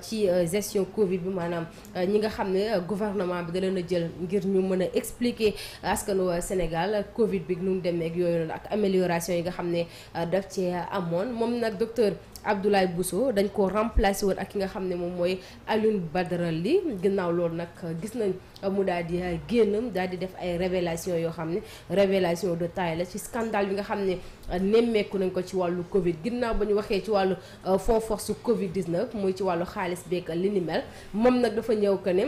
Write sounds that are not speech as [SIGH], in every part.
ci euh, gestion Covid bi maanaam euh, ñi nga xam ne euh, gouvernement bi daleen a jël ngir ñu mën a expliquer askanu Sénégal Covid bi nu mu demee yooyu noonu ak amélioration yi nga xam ne daf cee amoon moom nag docteur. Abdoulaye Bousso dañ ko remplacé woon ak ki nga xam ne moom mooy Alioune Badara li ginnaaw loolu nag gis nañ mu daal di génn daal di def ay révélation yoo xam ne révélation de taille la ci scandale bi nga xam ne nemmeeku nañ ko ci wàllu Covid ginnaaw ba ñu waxee ci wàllu euh, fonds force Covid 19 mooy ci wàllu xaalis beeg li moom nag dafa ñëw que ne.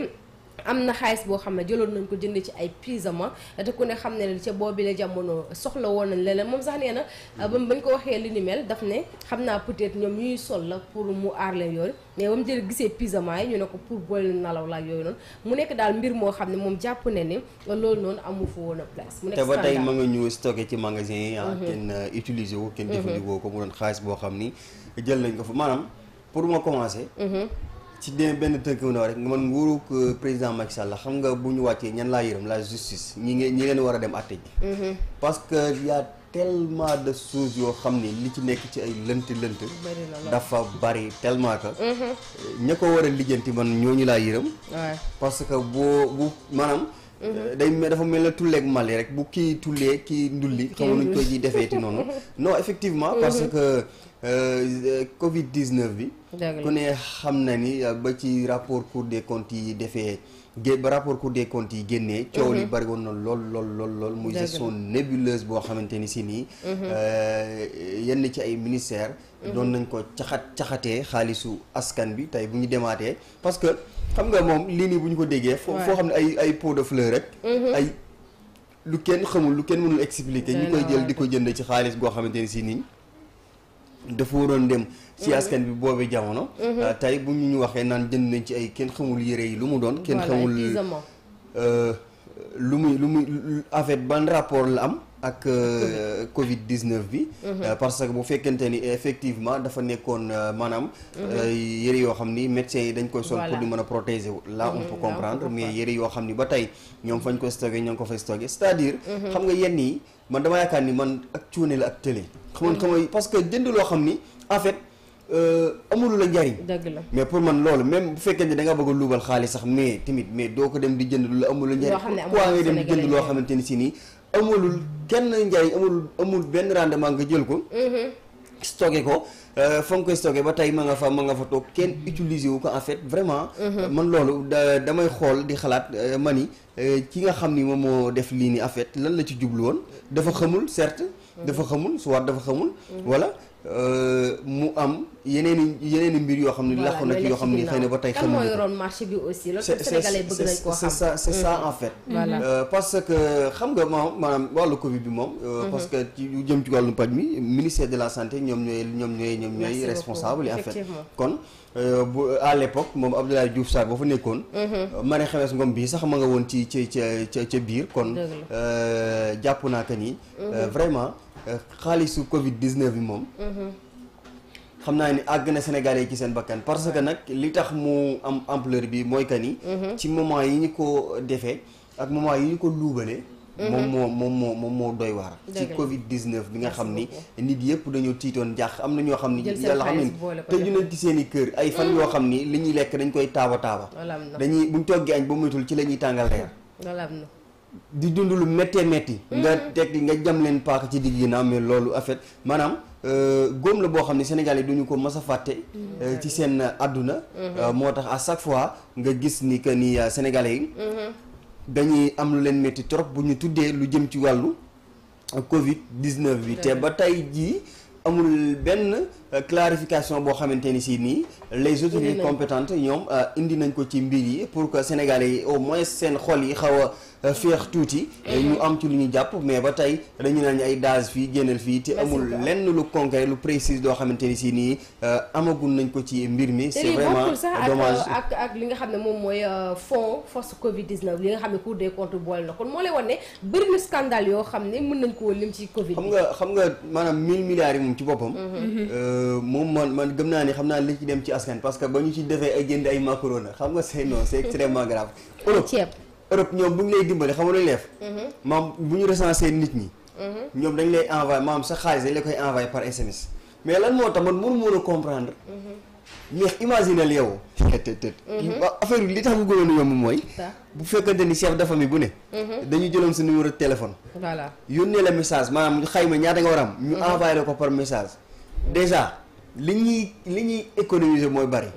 am na xaalis boo xam ne jëloon nañ ko jënd ci ay pyjama te ku ne xam ne ca boobi ne jamono soxla woon nañ leneen moom sax nee na bam mm-hmm. bañ ko waxee li ni mel daf ne xam naa peut-être ñoom ñuy sol la pour mu aar leen yooyu mais ba mu gisee pyjama ñu ne ko pour boole nalaw la yooyu noonu mu nekk daal mbir moo xam ne moom jàpp ne ni loolu noonu amu fa woon a place mu nekk te ba tey ma nga ci magasin yi ah mm-hmm. kenn euh, wu kenn mm-hmm. jëfandikoo ko mu doon xaalis boo xam ni jël nañ ko fa maanaam pour ma commencer ci dee benn tënk mu ne rek man nguuru président Macky Sall xam nga bu ñu wàccee ñan laa yërëm la justice ñi ngeen ñi ngeen war a dem àtte ji. Mm-hmm. parce que y a de choses yoo xam ni li ci nekk ci ay lënt lënt. dafa bari tellement que. Mm-hmm. ña ko war a lijjanti man ñooñu laa yërëm. parce que boo bu maanaam. Mm-hmm. day mais dafa mel ne tulleeg Mali rek bu kii tullee kii ndulli. xamuñu ko ji defeeti noonu. [LAUGHS] non effectivement parce que. Euh, Covid 19 bi. ku ne xam na ni euh, ba ci rapport Cour des comptes yi defee gé ba rapport Cour des comptes yi génnee. Mhm. coow li bari na lool lool lool lool. muy gestion nébuleuse boo xamante ni si nii. Mhm. Euh, yenn ci ay ministères. Mhm. doon nañ ko caxat caxatee xaalisu askan bi tey bu ñu demaatee parce que xam nga moom lii nii bu ñu ko déggee. foo xam ne ay ay pot de fleur rek. ay lu kenn xamul lu kenn mënul expliquer. ñu koy jël di ko jënd ci xaalis goo xamante ni si nii. dafa waroon dem ci mhm. askan bi boobee jamono mhm. euh, tey bu ñu ñu waxee naan jënd nañ ci ay kenn xamul yére yi lu mu doon kenn xamul euh, lu muy lu muy en ban rapport la am ak euh, Covid 19 bi. Mhm. Euh, parce que bu fekkente ni effectivement dafa nekkoon euh, maanaam. Mhm. yëre yoo xam ni médecins yi dañ koy sol pour di mën a protéger wu. là on mhm. peut comprendre mais yëre yoo xam ni ba tey ñoom fañ ko stocké ñoo ngi ko fay stocké c'est-à-dire. xam nga yenn yi man dama yaakaar ni man ak cuune la ak télé. xam parce que jënd loo xam ni en fait. amul la njariñ dëgg la mais pour man loolu même bu fekkee ne da luubal xaalis sax mais tamit mais doo ko dem di jënd l la amul xamante ni si nii amulul kenn njariñ amul amul benn rendement nga jël ko. Mhm. stocké ko euh, fa nga koy stocké ba tey ma nga fa ma nga fa toog kenn utiliser wu ko en fait vraiment. Mhm. Euh, man loolu da damay xool di xalaat euh, ma ni ki nga xam ni moom moo def lii nii en lan la ci jublu woon dafa xamul certes. Mhm. dafa xamul soit dafa xamul. voilà Euh, mu am yeneen i yeneen i mbir yoo xam ne làqu na ci yoo xam ne xëy na ba tey xam moo yoroon marché bi aussi loolu sénégalais bëgg xam mm-hmm. en fait euh, parce que xam nga moom maanaam wàllu Covid bi moom euh, mm-hmm. parce que ci lu jëm ci wàllu paj mi ministère de la santé ñoom ñooy ñoom ñooy ñoom ñooy responsable yi en kon bu à l'époque moom Abdoulaye Diouf Sarr ba fa nekkoon mm-hmm. Marie Khemesse Ngom bii sax ma nga woon ci ci ci ca biir kon jàpp naa que ni vraiment xaalisu Covid 19 bi moom. xam naa ni àgg na Sénégalais yi ci seen bakkan parce que nag li tax mu am ampleur bi mooy que ni. ci moment yi ñu ko defee ak moment yi ñu ko luubalee. moom moo moom moo moom moo doy waar. ci Covid 19 bi nga xam ni nit yëpp dañoo tiitoon jaax am na ñoo xam ni. jël seen xaalis tëju nañ ci seen i kër ay fan yoo xam ni li ñuy lekk dañ koy taaba taaba. dañuy buñ toggee añ ba moytul ci la ñuy tàngal reer. di dund lu méttee métti. Mm-hmm. nga teg nga jam leen paaka ci digg ginnaaw amee loolu en fait maanaam euh, góom la boo xam ne Sénégal yi duñu ko mës a fàtte. Mm-hmm. Euh, ci seen àdduna. Mm-hmm. Euh, moo tax à chaque fois nga gis ni que ni sénégal yi. dañuy am lu leen métti trop bu ñu tuddee lu jëm ci wàllu Covid 19 bi. te ba tey jii amul benn. clarification boo xamante ni si nii les autorités compétentes ñoom euh, indi nañ ko ci mbir yi pour que sénégalais yi au moins seen xol yi xaw a euh, féex tuuti ñu am ci lu ñu jàpp mais ba tey dañu naan ay daas fii génnal fii te amul lenn lu concret lu précise doo xamante ni si nii euh, amagul nañ ko ci mbir mi c'est vraiment dommage ak ak li nga xam ne moom mooy fonds force covid 19 li nga xam ne cour des comptes boole na kon moo lay wan ne bëri na scandale yoo xam ne mën nañ ko lim ci covid xam nga xam nga maanaam mille milliards yi ci boppam mhm. moom man man gëm naa ni xam naa li ci dem ci askan parce que ba ñu ci defee ay jënd ay macaroni xam nga c'est non c'est extrêmement grave. Europe ceeb Europe ñoom bu ñu lay dimbali xam nga lu def. Mhm. maam bu ñu recensé nit ñi. Mhm. ñoom dañ lay envoyé maam sa xaalis dañ la koy envoyé par SMS. mais lan moo tax man mënu mën a comprendre. Mhm. mais imaginal yow. tët li tax mu gënoon yomb mooy. bu fekkante ni chef de famille bu ne. dañu jëloon sa numéro téléphone. voilà yónnee la déjà li ñuy li ñuy économiser mooy bari.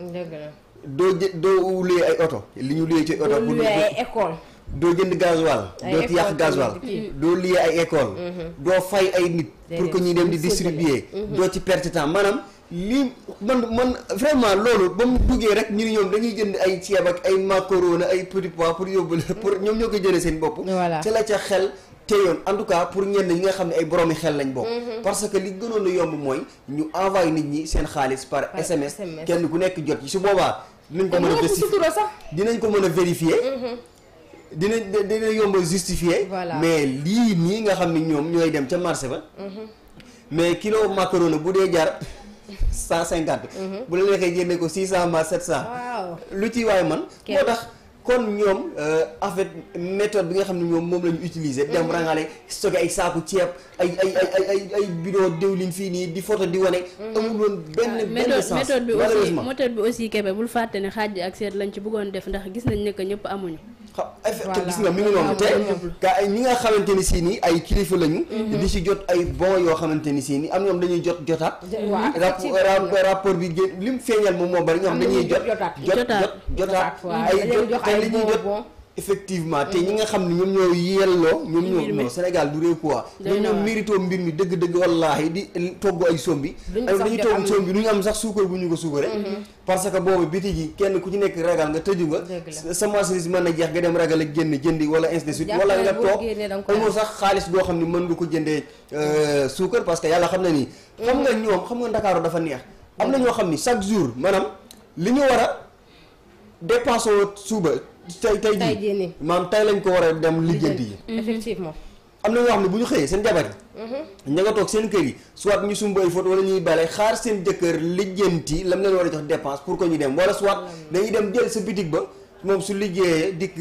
doo jë doo luyee ay oto. li ñu luyee ci oto. bu doo jënd gasoil doo ci yàq gasoil doo liyee ay école mhm. doo fay ay nit pour que ñuy dem di distribuer mhm. doo ci perte temps maanaam lii man man vraiment loolu ba mu duggee rek ñu ni ñoom dañuy jënd ay ceeb ak ay macaroni ay petits pois pour yóbbu pour ñoom ñoo ko jëlee seen bopp ci la ca xel teyoon en tout cas pour ñenn ñi nga xam ne ay boroomi xel lañ bokk. Mm-hmm. parce que li gënoon a yomb mooy ñu envoyé nit ñi seen xaalis par SMS. kenn ku nekk jot ci su boobaa. dinañ ko mën a vérifier a vérifier. dina mm-hmm. dina yomb a justifier. mais lii nii nga xam ne ñoom ñooy dem ca marché ba. Mm-hmm. mais kilo macaroni bu dee jar [LAUGHS] cent cinquante. bu la nekkee jëndee ko six cent mbaa sept cent. lu ci waay man moo tax. kon ñoom euh, en fait méthode bi nga xam ne ñoom moom la ñu dem mm-hmm. rangale stocké ay saaku ceeb ay ay ay ay ay bidon diwlin fii nii di photo di wane. Mm-hmm. amul woon ah, benn benn sens méthode bi aussi méthode bi aussi Kébé bul fàtte ne xaaj ak seet lañ ci bëggoon def ndax gis nañ ne que ñëpp amuñu. xa gis nga mi ngi noonu te gaa ay ñi nga xamante ni si nii ay kilifa lañu. Mhm. di si jot ay bon yoo xamante ni si nii am na ñoom dañuy jot jotaat. rapport bi gé lim feeñal moom moo bari ñoom dañuy jot. jotaat jotaat jotaat ay jot te li ñuy jot. effectivement te ñi mm. nga xam ne ñoom ñoo yelloo ñoom ñoo non Sénégal du réew quoi ñoom ñoo mbir mi dëgg-dëgg wallaahi di togg ay sombi alors togg sombi du ñu am sax suukar bu ñu ko suukare mm-hmm. parce que boobu biti gi kenn ku ci nekk ragal nga tëju nga semence mën na jeex nga dem ragal ak génn jëndi wala ainsi de suite wala nga toog amoo sax xaalis boo xam ne mën nga ko jëndee euh, suukar parce que yàlla xam na nii xam nga mm-hmm. ñoom xam nga Ndakaaru dafa neex am na mm-hmm. ñoo xam ni chaque jour maanaam li dépassé woo suba tey tey jii maam tey lañ ko war a dem liggéenti yi mhm. effectivement am na ñoo xam ne bu ñu xëyee seen jabar yi mhm. ña nga toog seen kër yi soit ñu sumb ay foot wala ñuy bale xaar seen jëkkër liggéenti lam leen war a jox dépense pour que ñu dem wala soit dañuy dem jël sa bitig ba moom su liggéeyee dikk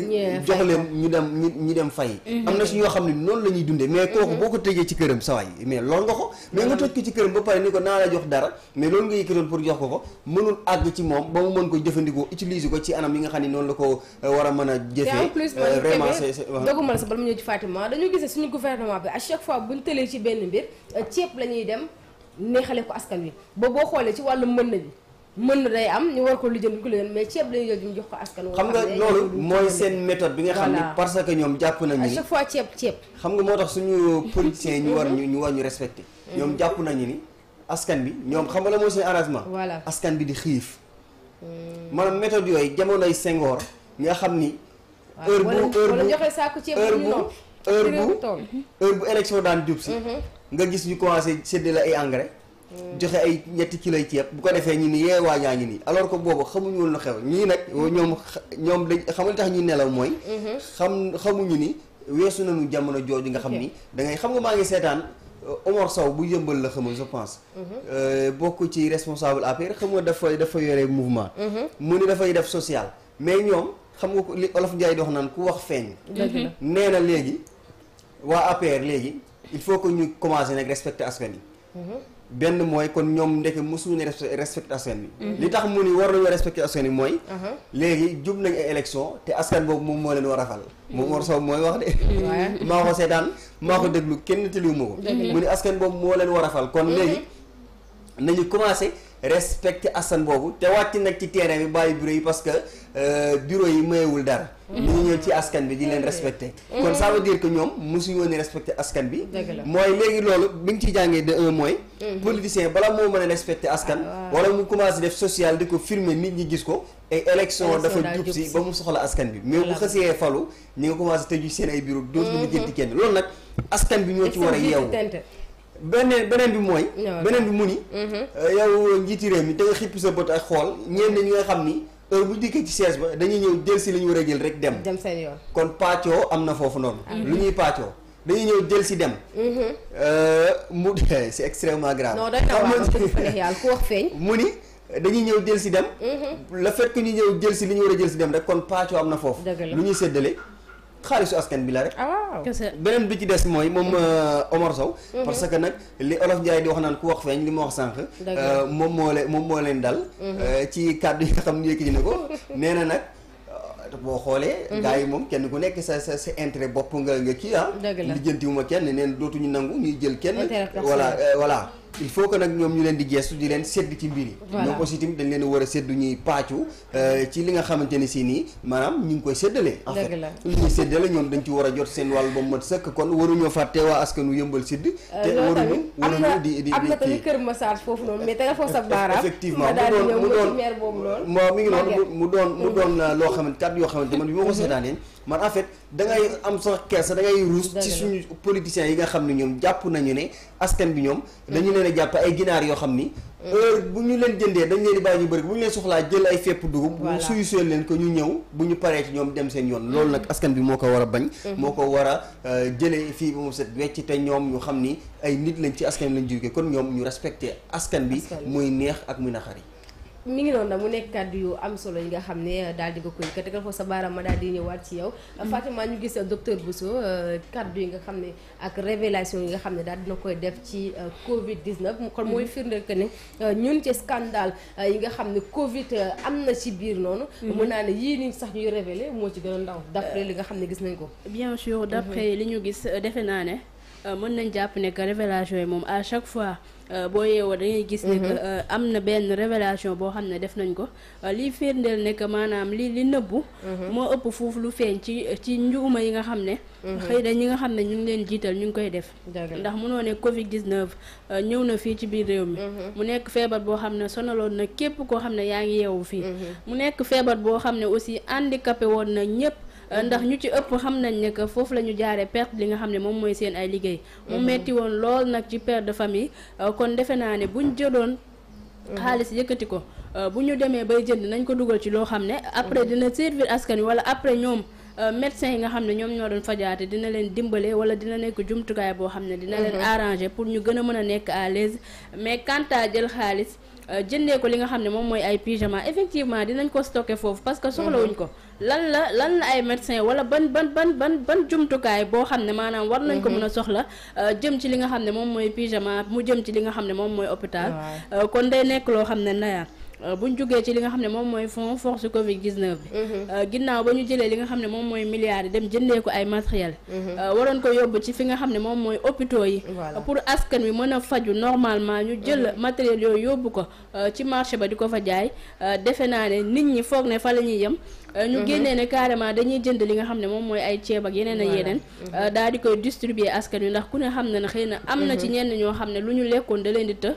jox leen ñu dem ñu ñu dem fay mhm. am na si ñoo xam ne noonu la ñuy dundee mais kooku mhm. boo ko tëjee ci këram sa waay mais lool nga ko mais nga toj ko ci këram ba pare ni ko naa la jox ko ko mënul àgg ci ba mu ko jëfandikoo utiliser ko ci anam yi nga xam ne noonu la ko euh, a a jëfee euh, vraiment c'est doguma la sa bala mu ñëw ci Fatima dañu gisee suñu gouvernement bi à chaque fois buñ tëlee ci benn mbir euh, ceeb la ñuy dem neexale ko askan wi ba boo xoolee ci wàllu mën na bi mën na day am ñu war ko lijjanti ko lijjanti mais ceeb lañu jël ñu jox ko askan xam nga loolu mooy seen métode bi nga xam ne parce que ñoom jàpp nañu ni à chaque fois ceeb ceeb nga moo tax suñu [LAUGHS] politiciens ñu war ñu ñu war ñu respecté mhm. ñoom jàpp nañu ni askan bi ñoom xam nga la mooy seen arrangement voilà askan bi di xiif hmm. maanaam méthode yooyu jamonoy Senghor nga xam ni heure bu heure bu joxe saaku ceeb heure bu heure bu heure bu élection daan jub si mhm. nga gis ñu commencé séddale ay engrais joxe ay ñetti ci yi ceeb bu ko defee ñi ni yee waa ñaa ngi nii alors que boobu xamuñu woon lu xew ñii nag ñoom ñoom dañ xamul tax ñuy nelaw mooy. Mhm. xam xamuñu ni weesu nañu jamono jooju nga xam ni da ngay xam nga maa ngi seetaan. Euh, Omar Sow bu yëmbal la xamal je pense. Mhm. Euh, bokk ci responsable APR xam nga dafay dafa yore mouvement. Mhm. mu ni dafay def social. mais ñoom xam nga ko li Olof Ndiaye di wax naan ku wax feeñ. nee na léegi waa APR léegi il faut que ñu commencer nag respecter askan yi. benn mooy kon ñoom ndeke mosuñu respecté askan bi mhm. li tax mu ni war nañoo respecté askan bi mooy uh-huh. léegi jub nañ ay élection te askan boobu moom moo leen war a fal moom war mhm. soob mooy wax de [LAUGHS] maa ko seetaan maa ko déglu kenn tiliwu ma ko mu ni askan boobu moo leen war a fal kon mhm. léegi nañu commencé respecté askan boobu te wàcc nag ci terrain bi bàyyi bureau yi parce que euh, bureau yi mayewul dara. Mm-hmm. ñu ñëw ci askan bi di leen mm-hmm. respecté. Mm-hmm. kon ça veut dire que ñoom mosuñu askan bi. mooy léegi loolu bi nga ci jàngee de un mooy. politicien bala moo mën a respecté askan. Ah, wala mu commencé def social di ko firme nit ñi gis ko. ay élection dafa jub si ba mu soxla askan bi. mais bu xësee falu ñi nga commencé tëju seen ay bureau dootuñu jënti kenn loolu nag askan bi ñoo ci war a yeewu. beneen beneen bi mooy. beneen bi mu ni. Mhm. Euh, yow njiiti réew mi da nga xipp sa bët ak xool ñenn ñi nga xam ni heure bu dikkee ci siège ba dañuy ñëw jël si li ñu war a jël rek dem. dem seen yoon kon pàccoo am na foofu noonu. Ah. lu ñuy pàccoo dañuy ñëw jël si dem. Mhm. Euh, mu [LAUGHS] c'est extrêmement grave. non [LAUGHS] ku wax feeñ. mu ni dañuy ñëw jël si dem. Mhm. le fait que ñu ñëw jël si li ñu jël si dem rek kon pàccoo am na foofu. lu ñuy séddale. xaalisu askan bi la rek. ah beneen bi ci des mooy moom mm-hmm. euh, Omar Sow. Mm-hmm. parce que nag li Olof Ndiaye di wax naan ku wax feeñ li ma wax sànq. Euh, moom moo leen moom moo leen dal. Mm-hmm. Euh, ci kàddu yi nga xam ne yëkkati na ko [LAUGHS] nee na nag. boo xoolee gars yi moom kenn ku nekk sa sa sa intérêt bopp nga nga kii ah lijjantiwuma kenn neen dootuñu nangu ñuy jël kenn voilà voilà il faut que nag ñoom ñu leen di gestu di leen sedd ci mbir yi. ñoom aussi dañ leen war a sedd ñuy pàccu euh, ci li nga xamante ne si nii maanaam ñu ngi koy séddale. en fait li ñuy séddale dañ ci war a jot seen wàll ba mu mat sëkk kon waruñoo fàtte waa askanu yëmbal sidd. Euh, te waruñu waruñu di di di am na tamit kër massage foofu noonu mais te nga foofu sa [LAUGHS] baaraam. effectivement mu doon mu doon mu doon mu euh, doon loo xamante kat yoo xamante man bi ma ko seetaanee man en fait am sa kersa da ngay ruus ci suñu politiciens yi nga xam ne ñoom jàpp nañu ne askan bi ñoom dañu leen a jàpp ay ginaar yoo xam ni heure bu ñu leen jëndee dañ leen di bàyyi ñu bëri bu ñu leen soxlaa jël ay fépp dugub suyu suyal leen ko ñu ñëw bu ñu paree ci ñoom dem seen yoon mm-hmm. loolu nag askan bi moo ko war a bañ mm-hmm. moo ko war a euh, jëlee fii ba mu set wecc te ñoom ñu xam ni ay nit lañ ci askan bi lañ jógee kon ñoom ñu respecté askan bi muy neex ak muy naqari mi ngi noonu nag mu nekk kàddu yu am solo yi nga xam ne uh, daal di nga koy kategal foofu sa baaraam ma daal di ñëwaat ci yow. Mm-hmm. Uh, Fatima ñu gis uh, docteur Bousso kàddu yi nga xam ne ak révélation yi nga xam ne daal dina koy def ci Covid 19. Mm-hmm. kon mooy firndeel que ne ñun ci scandale yi nga xam ne Covid am na ci biir noonu. mën mm-hmm. naa ne yii nii sax ñuy révélé moo ci gën a ndaw. d' après li nga xam ne gis nañ ko. bien sûr d' après li ñu gis defe naa ne. Euh, mën nañ jàpp ne que révélation yi moom à chaque fois euh, boo yeewoo dangay gis ne mhm. euh, am na benn révélation boo xam ne def nañ ko lii firndeel ne que maanaam li li nëbbu mhm. moo ëpp foofu lu feeñ ci ci njuuma yi nga xam ne mhm. xëy na ñi nga xam ne ñu ngi leen jiital ñu ngi koy def ndax mënoo ne covid 19 ñëw na fii ci biir réew mi mu nekk feebar boo xam ne sonaloon na képp koo xam ne yaa ngi yeewu fii mu nekk feebar boo xam ne aussi handicapé woon na ñëpp Euh, ndax ñu ci ëpp xam nañ ne que foofu la ñu jaaree perte li nga xam ne moom mooy seen ay liggéey mu mhm. metti woon lool nag ci père de famille euh, kon defe naa ne buñ jëloon mhm. xaalis yëkkati ko euh, bu ñu demee bay jënd nañ ko dugal ci loo xam ne après mhm. dina servir askan wi wala après ñoom médecins yi nga xam ne ñoom ñoo doon fajaate dina leen dimbale wala dina nekk jumtukaay boo xam ne dina leen arranger pour ñu gën a mën a nekk à l'aise mais quant jël xaalis Euh, jëndee ko li nga xam ne moom mooy ay pyjama effectivement dinañ ko stocké foofu parce que soxlawuñ ko lan la lan la ay médecin wala ban ban ban ban ban jumtukaay boo xam ne maanaam war nañ ko mën a soxla euh, jëm ci li nga xam ne moom mooy pyjama mu jëm ci li nga xam ne moom mooy hôpital euh, kon day nekk loo xam ne ndayaan Euh, bu ñu jógee ci li nga xam ne moom mooy fonds force Covid 19 bi. Mhm. Euh, ginnaaw ba ñu jëlee li nga xam ne moom mooy milliards yi dem jëndee ko ay matériel mhm. euh, waroon ko yóbbu ci fi nga xam ne moom mooy hôpitaux yi. pour askan wi mën a faju normalement ñu jël mhm. matériel yooyu yóbbu ko ci marché ba di ko fa jaay defe naa ne nit ñi foog ne fa la ñuy yem. Euh, ñu mhm. génnee ne carrément dañuy jënd li nga xam ne moom mooy ay ceeb ak yeneen ak yeneen mhm. euh, daal di koy distribuer askan wi ndax ku ne xam ne na xëy na am na ci mhm. ñenn ñoo xam ne lu ñu lekkoon da leen di të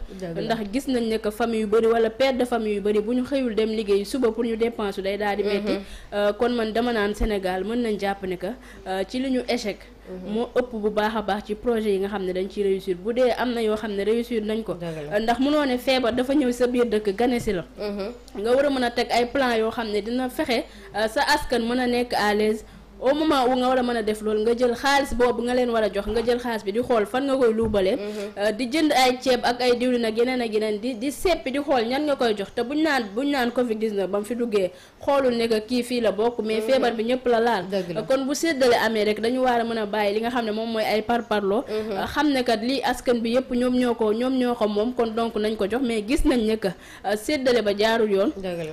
ndax gis nañ ne que famille yu bëri wala père de yu bëri bu ñu xëyul dem liggéey suba pour ñu dépense day daal di metti euh, kon man dama naan Sénégal mën nañ jàpp ne que ci li ñu échec Mhm. moo ëpp bu baax a baax ci projet yi nga xam ne dañ ciy réussir bu dee am na yoo xam ne réussir nañ ko ndax mënoo ne feebar dafa ñëw sa biir dëkk gane si la mhm. nga war a mën a teg ay plan yoo xam ne dina fexe euh, sa askan mën a nekk à au moment wu nga war a mën a def loolu nga jël xaalis boobu nga leen war a jox nga jël xaalis bi di xool fan nga koy luubalee mhm. euh, di jënd ay ceeb ak ay diwlin a geneen a geneen di di seppi di xool ñan nga koy jox te buñ naan buñ naan covid 19 ba mu fi duggee xoolul ne que kii fii la bokk mais mhm. feebar bi ñëpp la laal kon bu séddale amee rek dañu war a mën a bàyyi li nga xam ne moom mooy ay parparloo mhm. euh, xam ne kat lii askan bi yëpp ñoom ñoo ko ñoom ñoo ko moom kon donc nañ ko jox mais gis nañ ne que euh, séddale ba jaarul yoon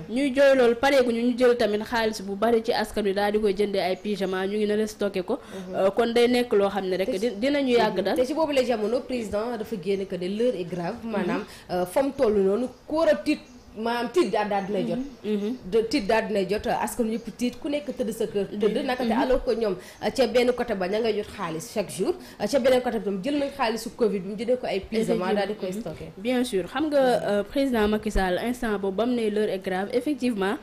ñuy jooy loolu pareeguñu ñu jël tamit xaalis bu bari ci askan bi daal di koy jëndee ay intelligemment ñu ngi na la stocké ko. Mhm. Euh, kon day nekk loo xam ne rek dinañu mhm. yàgg daal. te si boobu la jamono président dafa génn que de l'heure est mhm. maanaam euh, a ku nekk tëdd sa kër. tëdd naka te alors que ñoom euh, ca benn côté ba ña nga jot xaalis chaque jour ca beneen côté ba jël nañ xaalisu Covid bi mu jëndee ko ay. effectivement daal di koy stocké. bien sûr xam nga président Macky Sall instant boobu ba mu ne l'heure est effectivement.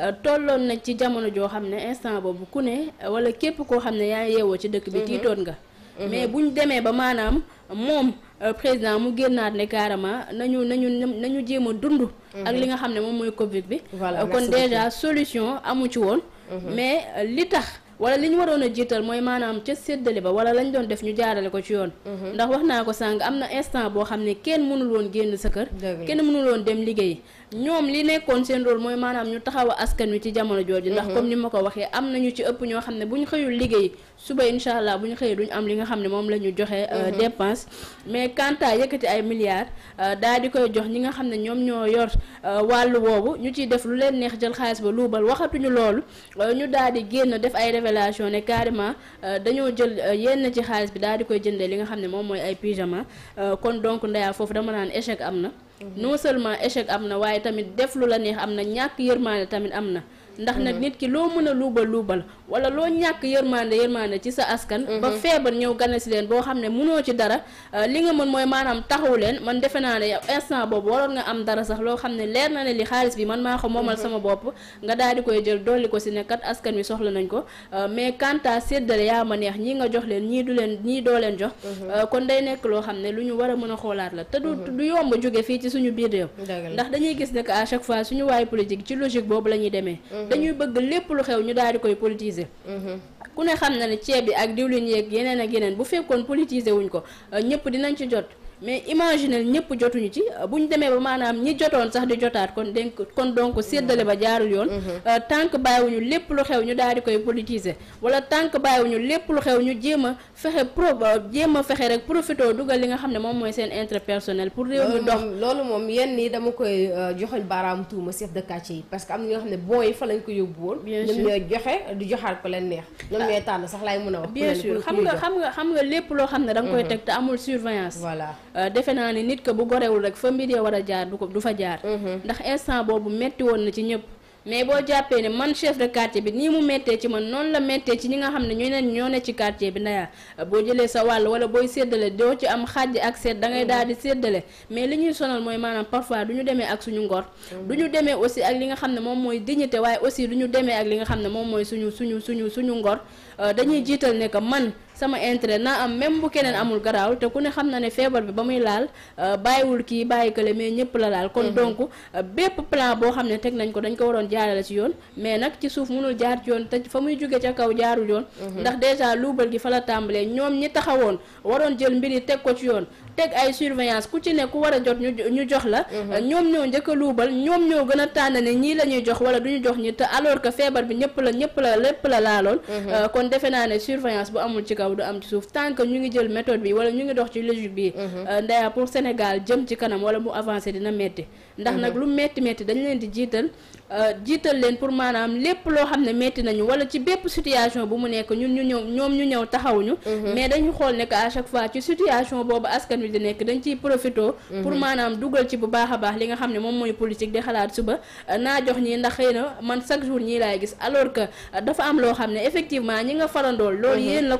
Euh, tolloon nañ ci jamono joo xam ne instant boobu ku ne euh, wala képp koo xam ne yaa yeewoo ci dëkk bi mhm. tiitoon nga mhm. mais bu ñu demee ba maanaam moom euh, président mu génnaat ne carrément nañu nañu nañu jéem a dund mhm. ak li nga xam ne moom mooy covid bi kon déjà solution amu ci woon mais li tax wala li ñu waroon a jiital mooy maanaam ca séddale ba wala lañ doon def ñu jaarale ko ci yoon mhm. ndax wax naa ko sàng am na instant boo xam ne kenn mënul woon génn sa kër kenn mënul woon dem liggéey ñoom li nekkoon seen rôle mooy maanaam ñu taxaw askan wi ci jamono jooju ndax mhm. comme ni ma ko waxee am ñu ci ëpp ñoo xam ne bu ñu xëyul liggéey suba incha allah bu ñu xëyee ñu am li nga xam ne moom la ñu joxe euh, mhm. dépense mais quant à yëkkati ay milliards euh, daal di koy jox ñi nga xam ne ñoom ñoo yor euh, wàllu woowu ñu ciy def lu leen neex jël xaalis ba luubal waxatuñu loolu révélation ne carrément euh, dañoo jël euh, yenn ci xaalis bi daal di koy jëndee li nga xam ne moom mooy ay pyjama euh, kon donc ndeyaa foofu dama naan échec am na mhm. non seulement échec am na waaye tamit def lu la neex am na ñàkk yërmaane tamit am na ndax nag mm-hmm. nit ki loo mën a luubal luubal wala loo ñàkk yërmande yërmande ci sa askan ba mm-hmm. feebar ñëw gane si leen boo xam ne mënoo ci dara euh, li nga mën mooy maanaam taxaw leen man defe naa ne instant boobu waroon nga am dara sax loo xam ne leer na ne li xaalis bi man maa ko moomal mm-hmm. sama bopp nga daal di koy jël dolli ko si ne askan wi soxla nañ ko euh, mais quant à yaa ma neex ñii nga jox leen ñii du leen ñii doo leen jox euh, kon day nekk loo xam ne lu ñu war a mën a xoolaat la te du du yomb jóge fii ci suñu biir réew ndax gis ne que à fois suñu waay politique ci logique boobu la ñuy demee Mm-hmm. dañuy bëgg lépp lu xew ñu daal di koy politiser. Mm-hmm. ku ne xam na ne ceeb bi ak diwlin yeeg yeneen ak yeneen bu fekkoon politiser wuñ ko ñëpp dinañ ci jot. mais imaginel ñëpp jotuñu ci bu ñu demee ba maanaam ñi jotoon sax di jotaat kon dénk kon donc séddale ba jaarul yoon mm-hmm. euh, tant que ñu lépp lu xew ñu daal di koy politiser wala tant que bàyyiwuñu lépp lu xew ñu jéem a fexe pro jéem a fexe rek profito dugal li nga xam ne moom mooy seen intérêt personnel pour réew mi dox loolu moom yenn ni dama koy euh, joxoñ baaraam tuuma chef de quartier yi parce que am na ñoo xam ne booy fa lañ ko yóbbu woon ñoom ñooy joxe di joxaat ko leen neex ñoom ñooy tànn sax laay mën a wax bien sûr xam nga xam nga xam nga lépp loo xam ne da nga koy mm-hmm. teg te amul surveillance voilà Euh, defe naa ni nit ko bu gorewul rek fa mbir ya war a jaar du ko du fa jaar mhm. ndax instant boobu metti woon na ci ñëpp mais boo jàppee ne man chef de quartier bi nii mu méttee ci man noonu la méttee ci ñi nga xam ne ñu ne ñoo ne ci quartier bi ndayaa euh, boo jëlee sa wàll wala booy séddale doo ci am xaj ak seet da ngay mhm. daal di séddale mais li ñuy sonal mooy maanaam parfois du ñu demee ak suñu ngor mhm. du ñu demee aussi ak li nga xam ne moom mooy dignité waaye aussi du ñu demee ak li nga xam ne moom mooy suñu suñu suñu suñu ngor euh, dañuy jiital ne que man sama intérêt na am même bu keneen amul garaaw te ku ne xam na ne feebar bi ba muy laal euh, bàyyiwul kii bàyyi kële mais ñëpp la laal kon mhm. donc euh, bépp plan boo xam ne teg nañ ko dañ ko waroon jaarale ci yoon mais nag ci suuf mënul jaar ci yoon te fa muy jóge ca kaw jaarul yoon mhm. ndax déjà luubal gi fa la tàmbalee ñoom ñi taxawoon waroon jël mbir yi teg ko ci yoon teg ay surveillance ku ci ne war a jot ñu ñu jox la mhm. euh, ñoom ñoo njëkk a ñoom ñoo gën a tànn ne ñii la ñuy jox wala du ñu jox ñi te alors que feebar bi ñëpp la ñëpp la lépp la laaloon kon defe naa ne surveillance bu amul ci kaw kaw du am ci suuf tant que ñu ngi jël méthode bi wala ñu ngi dox ci logique bi mhm. euh, ndaya pour Sénégal jëm ci kanam wala mu avancer dina metti ndax mhm. nag lu metti metti dañu leen di jiital Euh, jiital leen pour maanaam lépp loo xam ne metti nañu wala ci bépp situation bu mu nekk ñun ñu ñëw ñoom ñu ñëw taxawuñu mhm. mais dañu xool ne que à chaque fois ci situation boobu askan wi di nekk dañ ciy profito mhm. pour maanaam dugal ci bu baax a baax li nga xam ne moom mooy politique di xalaat suba euh, naa jox ñii ndax xëy na man chaque jour ñii laay gis alors que euh, dafa am loo xam ne effectivement ñi nga farandool loolu mhm. yéen la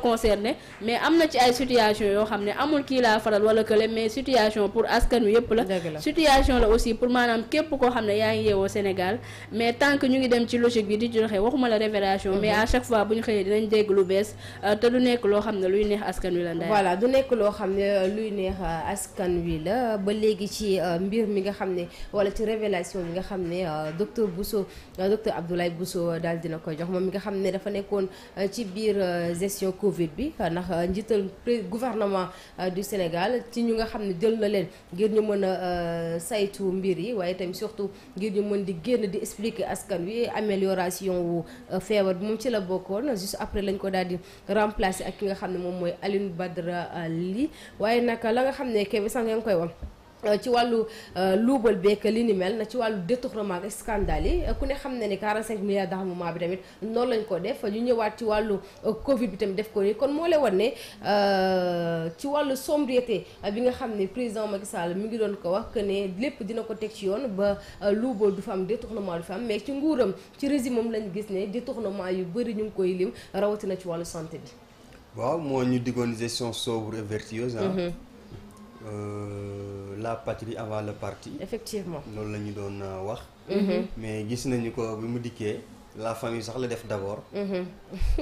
mais am na ci ay situation yoo xam ne amul kii faral wala kële mais situation pour askan wi yëpp la situation la aussi pour maanaam képp koo xam ne yaa ngi yeewoo Sénégal mais tant que ñu ngi dem ci logique bi di joxe waxuma la révélation mais mhm. à chaque fois bu ñu xëyee dinañ dégg lu bees euh, te du nekk loo xam ne luy neex askan wi la ndax voilà du loo xam ne euh, luy neex euh, askan wi la ba léegi ci mbir mi nga xam ne wala ci révélation bi nga xam ne docteur Bousso docteur Abdoulaye Bousso daal dina ko jox moom mi nga xam ne dafa nekkoon ci biir gestion Covid bi ndax njiital gouvernement du Sénégal ci ñu nga xam ne jël na leen ngir ñu mën a saytu mbir yi waaye tamit surtout expliquer askan wi amélioration wu euh, feebar bi moom ci la bokkoon juste après lañ ko daal di remplacer ak ki nga xam ne moom mooy Alioune Badara euh, lii waaye naka la nga xam ne kii bi sànq yaa ngi koy wax. Euh, ci wàllu euh, luubal beek li ni mel na ci wàllu détournement ak scandale yi ku ne xam na ni 45 milliards d'armement bi tamit noonu lañ ko def ñu ñëwaat ci wàllu euh, Covid bi tamit def ko nii kon moo leen wan ne ci wàllu sobriété bi nga xam ne président Macky Sall mi ngi doon ko wax que ne lépp dina ko teg ci yoon ba luubal du fa am détournement du fa am mais ci nguuram ci régime am lañ gis ne détournement yu bëri ñu ngi koy lim rawatina ci wàllu santé bi. waaw moo ñu diggoon Euh, la patrie avant le parti. effectivement loolu la ñu doon euh, wax. Mhm. mais gis nañu ko bi mu dikkee la famille sax la def d'abord. Mhm.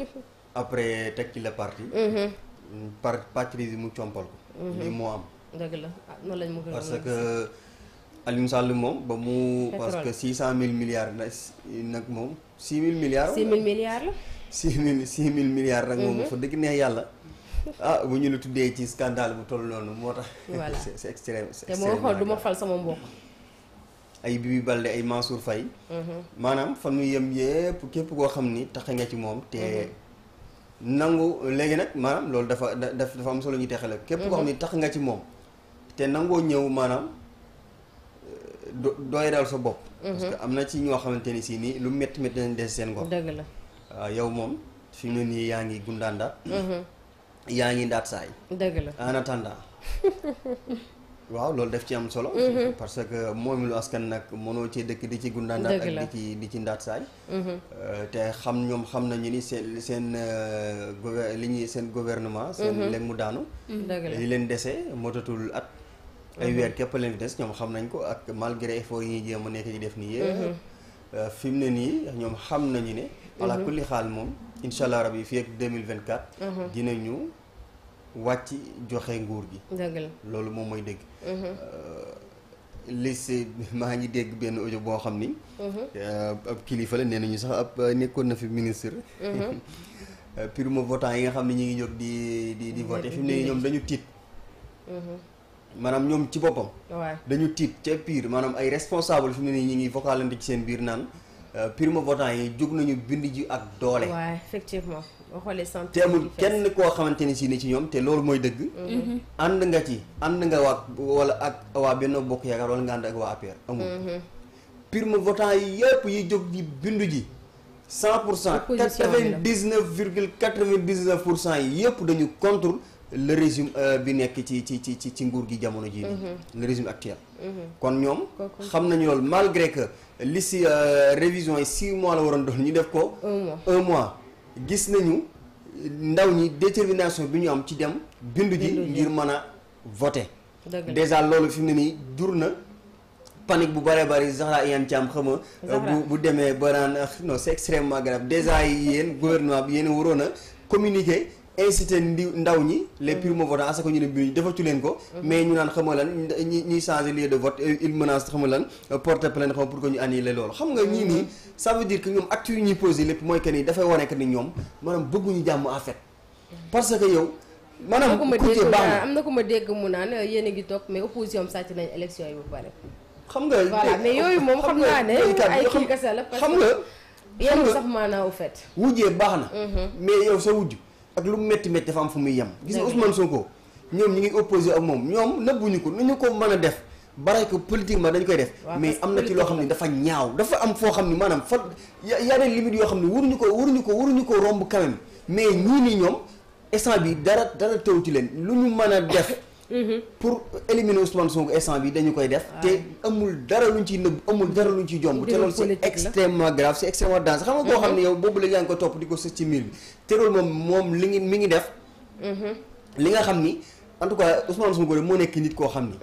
[LAUGHS] après teg ci le parti. Mhm. par bi mu compal ko. lii moo am. la ah, noonu lañ parce que Alioune Sall moom ba mu. parce que 600000 milliards na nag moom 6000 milliards. 6000 milliards la. 6000 [LAUGHS] milliards nag moom fa dëgg neex yàlla. ah bu ñu la tuddee ci scandale bu toll noonu moo tax. voilà c' est extrême moo xool du ma fal sama mbokk. ay Bibi Baldé ay Mansour Faye mm-hmm. maanaam fan mu yem yépp képp koo xam ni tax nga ci moom te. Mm-hmm. nangu léegi nag maanaam loolu dafa dafa am solo ñu texale képp koo xam ni mm-hmm. tax nga ci moom te nangoo ñëw maanaam eh, doy dal sa bopp parce am na ci ñoo xamante ni si nii lu metti métti nañ des seen ngor dëgg la waaw ah, yow moom fi mu nii yaa ngi gundaandaat yaa ngi ndaat saay dëgg la en attendant [LAUGHS] waaw loolu def ci am solo mm-hmm. parce que moom lu askan nag mënoo ci dëkk di ci gundaandaat ak di ci di ci ndaat saay mm-hmm. euh, te xam ñoom xam nañu ni seen seen euh, gouver li ñuy seen gouvernement seen mm-hmm. mu daanu leen dese motatul at weer képp leen des ñoom xam nañ ko ak malgré effort yi ñuy jéem a nekk di def nii yëpp euh, ne nii ñoom xam nañu ne walla kulli xaal moom incha allah rabi fii ak ñu mhm. dinañu wàcc joxe nguur gi. loolu moom mooy dégg. Mhm. Euh, lycée [LAUGHS] maa ngi dégg benn audio boo xam ni. Mhm. Euh, ab kilifa la nee nañu sax ab euh, nekkoon na fi ministre. [LAUGHS] primo votant yi nga xam ne ñu ngi jóg di di di voté ne ñoom dañu tiit. maanaam ñoom ci boppam. dañu tiit ca pire maanaam ay responsable fi mu ne nii ngi vocalante ci seen biir naan. Euh, primo votant yi jóg nañu bind ji ak doole. waaw effectivement boo xoolee sant te amul kenn koo xamante ni si ni ci ñoom te loolu mooy dëgg. Mhm. ànd nga ci ànd nga waa wala ak waa benn bokk yaakaar wala nga ànd ak waa APR. amul mhm. primo votant yi yëpp yi jóg ji bindu ji. cent pour cent quatre-vingt-dix-neuf virgule quatre-vingt-dix-neuf pour cent yi yëpp dañu contre le régime euh, bi nekk ci ci ci ci nguur gi jamono jii. Mhm. le régime actuel. kon ñoom. xam nañu loolu malgré que. li si euh, révision yi 6 mois la waroon doon ñu def ko. un mois mois gis nañu ndaw ñi détermination bi ñu am ci dem. bindu ji ngir mën a voter. déjà loolu fi mu ne nii jur na panique bu bëree bëri Zahra Iyane Thiam xam nga. Euh, bu bu demee ba naan euh, non c'est extrêmement grave déjà yéen gouvernement bi yéen waroon a communiquer. inciter ndi ndaw ñi les mm. primo-votants à ce que ñu ne bii defatu leen ko mm-hmm. mais ñu naan xam nga lan ñi ñuy changer lieu de vote il menace xam nga lan porter plainte xam pour que ñu annuler loolu xam nga ñii nii mm-hmm. ça veut dire que ñoom maanaam bëgguñu jàmm en fait mm-hmm. am na ku ma dégg mu naan yéen a ngi toog mais opposition sàcc nañ xam nga moom xam naa ne ay kii xam nga yéen sax maanaa au fait wujjee baax na mais yow sa wujj ak lu mu métti métti dafa am fu muy yem. gis nga soo Sonko ñoom ñi ngi opposé ak moom ñoom nëbbuñu ko nu ñu ko mën a def bare ko politiquement dañ koy def. mais am na ci loo xam ne dafa ñaaw dafa am foo xam ne maanaam fa yaa des limites yoo xam ne waruñu ko waruñu ko waruñu ko romb quand même mais ñii nii ñoom instant bi dara dara teew ci leen lu ñu mën a def. Mm-hmm. pour éliminer Ousmane Sonko instant bi dañu koy def. Ah. te amul dara luñ ci nëbb amul dara luñ ciy jomb. te loolu c'est extrêmement grave c'est extrêmement dangereux. xam nga koo xam ne mm-hmm. yow boobu la ko topp di ko sës ci miir bi te loolu moom moom li ngi mi ngi def. Mm-hmm. li nga xam ni en tout cas Ousmane Sonko moo nekk nit koo xam ni.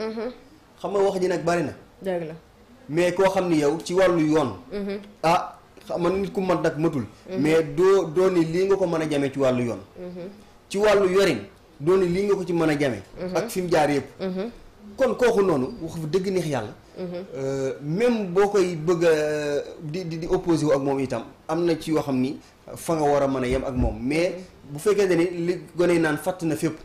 xam nga wax ji nag bari na. dëgg la mais koo xam ni yow ci wàllu yoon. ah man nit ku mat nag matul. mais doo doo ni lii nga ko mën a jamee ci wàllu yoon. ci wàllu yorin. doone lii nga ko ci mën a jame mhm. ak fi mu jaar yëpp mhm. kon kooku noonu wax fa dëgg neex yàlla mhm. euh, même boo koy bëgg a euh, di di opposé ak moom itam am na ci yoo ni fa nga war a mën a yem ak moom mais bu fekkee ne ni li gone naan fàtt na fépp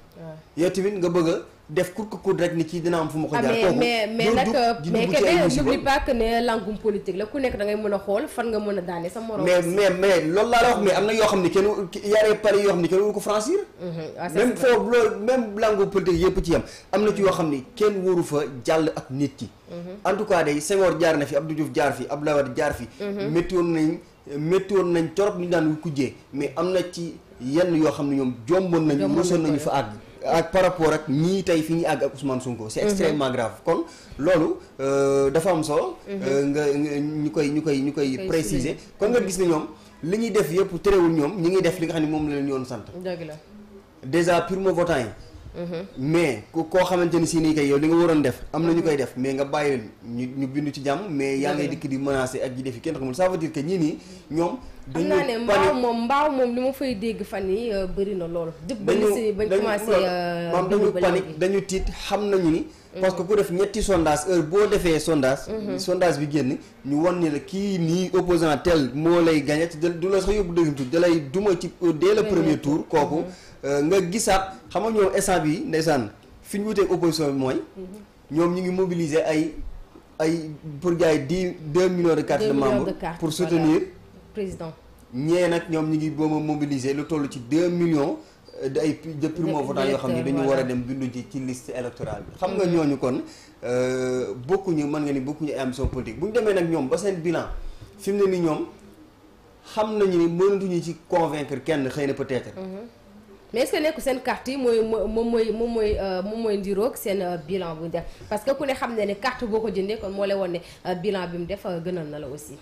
yow tamit nga bëgg a def kur ko rek ni ci dina am fu ma ko ah, jaar kooku mais mais nag euh, mais que d'ailleurs n'oublie ne langum politique la ku nekk da ngay mën a xool fan nga mën a daane sa morom mais mais mais loolu laa la wax mais am na yoo xam ne kenn yaree pari ne kenn waru ko franchir mhm, ah, même foofu yëpp ci yam am na ci yoo xam ne kenn waru fa jàll ak nit ki mhm. en tout cas day Senghor jaar na fi Abdou Diouf jaar fi Abdoulaye Wade jaar fi méttoon mhm. nañ méttoon nañ torop ñu daan wu kujjee mais am na ci yenn yoo xam ne ñoom jomboon nañu mosoon nañu fa àgg ak par rapport ak ñii tey fi ñu àgg ak Ousmane Sonko. c'est mhm. extrêmement grave kon loolu euh, dafa am solo. Mhm. Euh, nga ñu koy ñu koy ñu koy préciser kon nga gis ne ñoom li ñuy def yëpp terewul ñoom ñi ngi def li nga xam ne moom la leen yoon sant. dëgg la déjà primo-votants yi. Mhm. mais ko koo xamante ni si nii kay yow li nga waroon def am na ñu koy def mais nga bàyyi ñu ñu bindu ci jàmm mais yaa ngay dikk di menacer ak ji def yi kenn xamul ça veut dire que ñii nii ñoom. xam naa ne mbaaw moom mbaaw moom li ma fay dégg fan yi euh, bëri na lool. dañu bañ commencé euh, maam dañu panique dañu tiit xam nañu ni. Mm. parce que ku def ñetti sondage heure boo defee sondage. Mm-hmm. sondage bi génn ñu wan ni la kii nii opposant tel moo lay gagné du la sax yóbbu deuxième tour da lay duma ci euh, dès le mm-hmm. premier tour kooku mm-hmm. nga gisaat xam nga ñoom instant bi ndeysaan fi ñu wuteeg opposition bi mooy. ñoom ñu ngi mobiliser ay ay pour gars yi dix deux millions de cartes de membres pour soutenir. président. ñee nag ñoom ñu ngi booma mobiliser lu toll ci 2 millions. Euh, de ay de primo votants yoo xam ne dañu war a dem bindu ji ci liste xam nga mm-hmm. ñooñu kon euh, bokkuñu mën nga ni bokkuñu ay ambition politique bu ñu demee nag ñoom ba seen bilan fi mu ne ni ñoom xam nañu ne mënatuñu ci convaincre kenn xëy na peut-être. Mm-hmm. mais est nekku seen carte yi mooy moom mooy moom mooy euh, moom mooy ndiroog seen bilan bu def parce que ku ne xam ne ne carte boo ko jëndee kon moo lay won ne bilan bi mu def gënal na la aussi.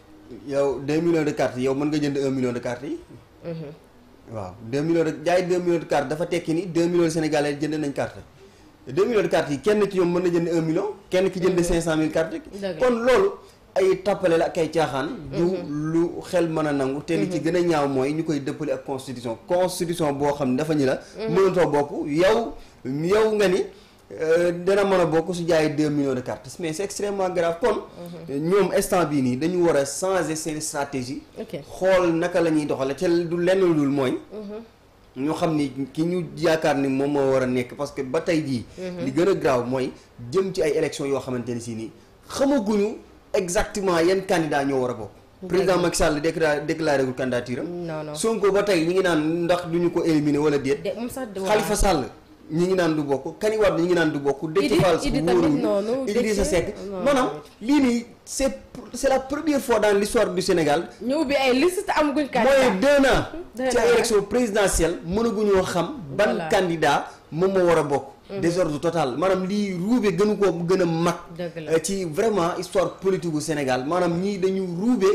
yow 2 millions de cartes yow mën nga jënd 1 million de cartes yi. Mhm. waaw 2 millions de jaay 2 millions de cartes dafa tekki ni 2 millions de sénégalais jënd nañ carte. 2 millions de cartes yi kenn ci ñoom mën na jënd 1 million. kenn ki jënd 500000 mhm. cartes. kon loolu ay tappale la ak ay caaxaan. du mhm. lu xel mën a nangu. te li ci gën a ñaaw mooy ñu koy dëppale ak constitution constitution boo xam ne dafa ñu la. mënatoo bokk yow yow nga ni. Euh, dana mën a bokk su jaayee deux millions de cartes mais c'est extrêmement grave kon. ñoom instant bii nii dañu war a changer seen stratégie. xool naka la ñuy doxale ca du lenn lul mooy. Mhm. ñu xam ni ki ñu yaakaar ni moom moo war a nekk parce que ba tey jii. Mhm. li gën a grave mooy jëm ci ay élections yoo xamante ne si nii xamaguñu exactement yan candidat ñoo war a bokk. président Macky Sall déclaré déclaré gul candidature am. non non Sonko ba tey ñu ngi naan ndax duñu ko éliminer ñu ngi naan du bokk Kani bi ñu ngi naan du bokk. Déthié Fall wóoruñu Idrissa Seck maanaam lii nii c' est c' est la première fois dans l'histoire du Sénégal. ñu ubbi ay liste amaguñ candidat mooy deux ans ci ay élection présidentielle mënaguñoo xam. ban candidat moom moo war a bokk. Mhm. désordre total maanaam lii ruube gënu ko gën a mag. ci vraiment histoire politique bu Sénégal maanaam ñii dañu ruube.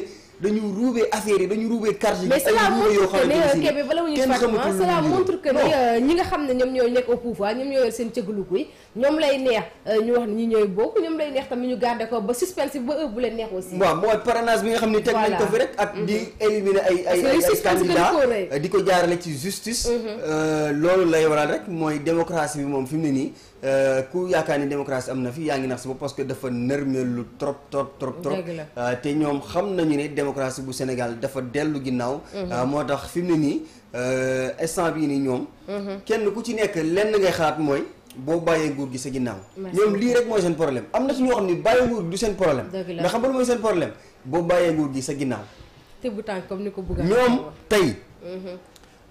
dañu ruubee affaire yi dañu ruubee carte yi. mais cela montre que euh, ne Kébé bala montre que euh, ñi nga xam ne ñoom ñooy nekk au pouvoir ñoom ñoo yor seen cëglu kuy ñoom lay neex euh, ñu wax ñi ñooy bokk ñoom lay neex tamit ñu garder ko ba suspense ba heure bu leen neex aussi. waaw mooy parrainage bi nga xam ne teg nañ ko fi rek. ak di mm-hmm. éliminer ay ay ay di ko jaarale ci justice. Mm-hmm. loolu lay waral rek mooy démocratie bi moom fi mu ne nii Euh, ku yaakaar ni démocratie am na fi yaa ngi nax si bopp parce que dafa nërmeel lu trop trop trop trop euh, te ñoom xam nañu ne démocratie bu Sénégal dafa dellu ginnaaw mhm. euh, moo tax fi mu ne nii instant yi nii ñoom mhm. kenn ku ci nekk lenn ngay xalaat mooy boo bàyyee nguur gi sa ginnaaw ñoom lii rek mooy am na ci ñoo xam ne bàyyi nguur du seen problème ndax xam nga lu mooy seen problème gi sa ginnaaw te bu tànk ko bëgg ñoom tey mhm.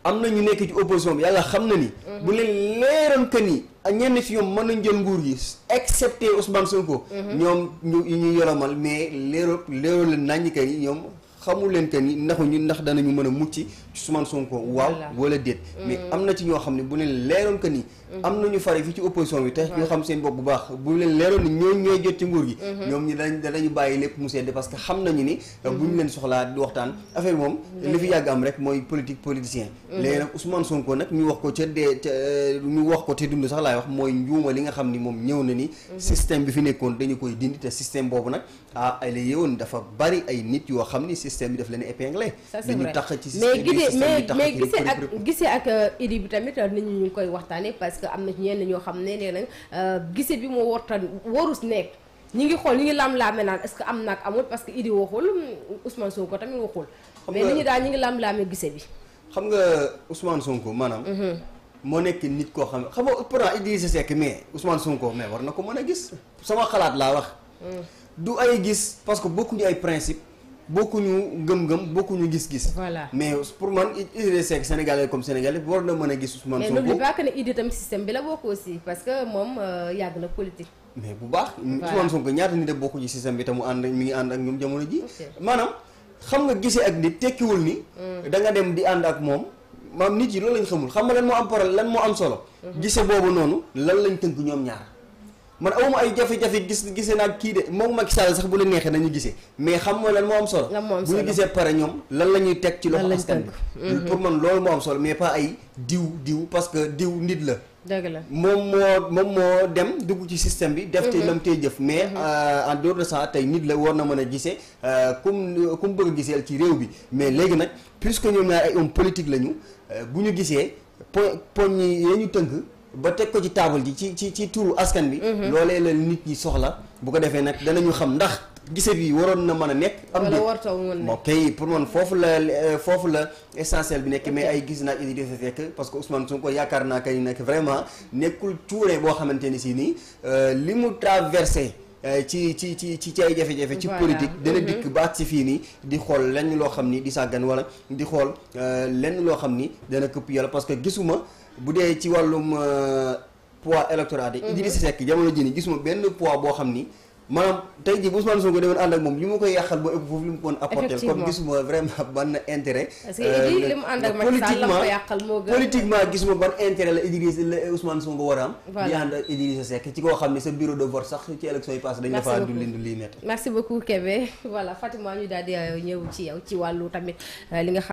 am na ñu nekk ci opposition bi yàlla xam na ni. Mhm. bu leen leeroon que nii ak ñenn ci ñoom mën nañ jël nguur gi excepté Ousmane Sonko. Mhm. ñoom ñu ñu yoromal mais leero leero la naññ que ñoom. xamul leen que ni naxuñu ndax danañu mën a mucc ci Ousmane Sonko waaw wala déet mm. mais am na ci ñoo xam ne bu leen leeroon que ni mm. am nañu fare fii ci opposition bi te ñu xam seen bopp bu baax bu leen leeroon ni ñooñ ñooy jot ci nguur gi mm-hmm. lépp mu sedd parce que xam nañu ni mm-hmm. bu ñu leen soxlaa waxtaan affaire moom fi yàgg am rek mooy politique politicien mm-hmm. léegi nag Ousmane Sonko nag ñu wax ko ca dee ca euh, ñu wax ko te dund sax laay wax mooy njuuma li nga xam ni moom ñëw na ni système bi fi nekkoon dañu koy dindi te système boobu nag ah ay la yëwoon dafa bari ay nit yoo xam ni système bi daf leen épinglé. ça mais gisee ak gisee ak euh, idi bi tamit euh, nit ñu ngi koy waxtaanee parce que am na ñenn ñoo xam ne nee nañ euh, gisee bi moo wartan warus nekk. ñi parce que idi waxul Ousmane Sonko tamit waxul. mais nit daal ñi ngi lam-laame gisee bi. xam nga Ousmane Sonko maanaam. Mhm. moo nekk nit koo xam ne xam nga pourtant Idrissa mais Ousmane Sonko mais war na ko mën a gis sama xalaat laa wax. Mhm. du ay gis parce que bokkuñu ay principe. bokkuñu gëm-gëm bokkuñu gis-gis. voilà mais pour man Idrissa Seck sénégalais comme sénégalais war na mën a gis Ousmane Sonko. mais n'oublie pas que ne Idrissa tamit système bi la bokk aussi parce que moom euh, yàgg na politique. mais bu baax. voilà Ousmane Sonko ñaata nit a bokk ci système bi te mu ànd mi ngi ànd ak ñoom jamono ji. maanaam xam nga gisee ak nit tekkiwul ni. Mm. da nga dem di ànd ak moom. maam nit yi loolu lañ xamul xam nga lan moo am problème lan moo am solo. Mm-hmm. gisee boobu noonu lan lañ tënk ñoom ñaar. man awuma ay jafe-jafe gis gisee naag kii de moom Macky Sall sax bu la neexee nañu gisee mais xam nga lan moo am solo bu ñu gisee pare ñoom lan la ñuy teg ci loxo askan bi mhm. pour man loolu moo am mais pas ay diw diw parce que diw nit la dëgg la moom moo moo dem dugg ci système bi def te mhm. lam tey jëf mais mhm. euh, en dehors de ça tey nit la war na mën a gisee euh, kum kum bëgg a giseel ci réew bi mais léegi nag puisque ñoom ñaar ay homme politique la ñu euh, bu ñu gisee po poñ yi ñu tënk ba teg ko ci table ji ci ci ci turu askan bi. Mhm. loolee la nit ñi soxla bu ko defee nag dana ñu xam ndax gise bi waroon na mën a nekk. am na ok pour man foofu la foofu la essentiel bi nekk mais ay gis naa Idrissa Seck parce que Ousmane Sonko yaakaar naa kay nekk vraiment nekkul cuure boo xamante ni si euh, nii li mu traversé. Euh, ci ci ci ci ci ay jafe-jafe ci politique dana mhm. dikk baat si fii nii di xool lenn loo xam ni di sàggan wala di xool euh, lenn loo xam ni dana këpp yàlla parce que gisuma bu dee ci wàllum euh, poids électoral yi. Mhm. Idrissa Seck jamono jii nii gisuma benn poids boo xam ni maanaam tey jii bu Ousmane Sonko demoon ànd ak moom li ko apporté comme gisuma ban intérêt. parce que Idi euh, li mu ànd ak Macky Sall la ko yàqal moo gën politiquement gisuma ban intérêt la Idrissa la Ousmane Sonko a ànd ak Idrissa Seck ci koo xam ne sa bureau de vote sax ci élection yi passé dañ dafa du leen du liy merci beaucoup Kébé [LAUGHS] voilà Fatima ñu daal di euh, ñëw ci yow ci wàllu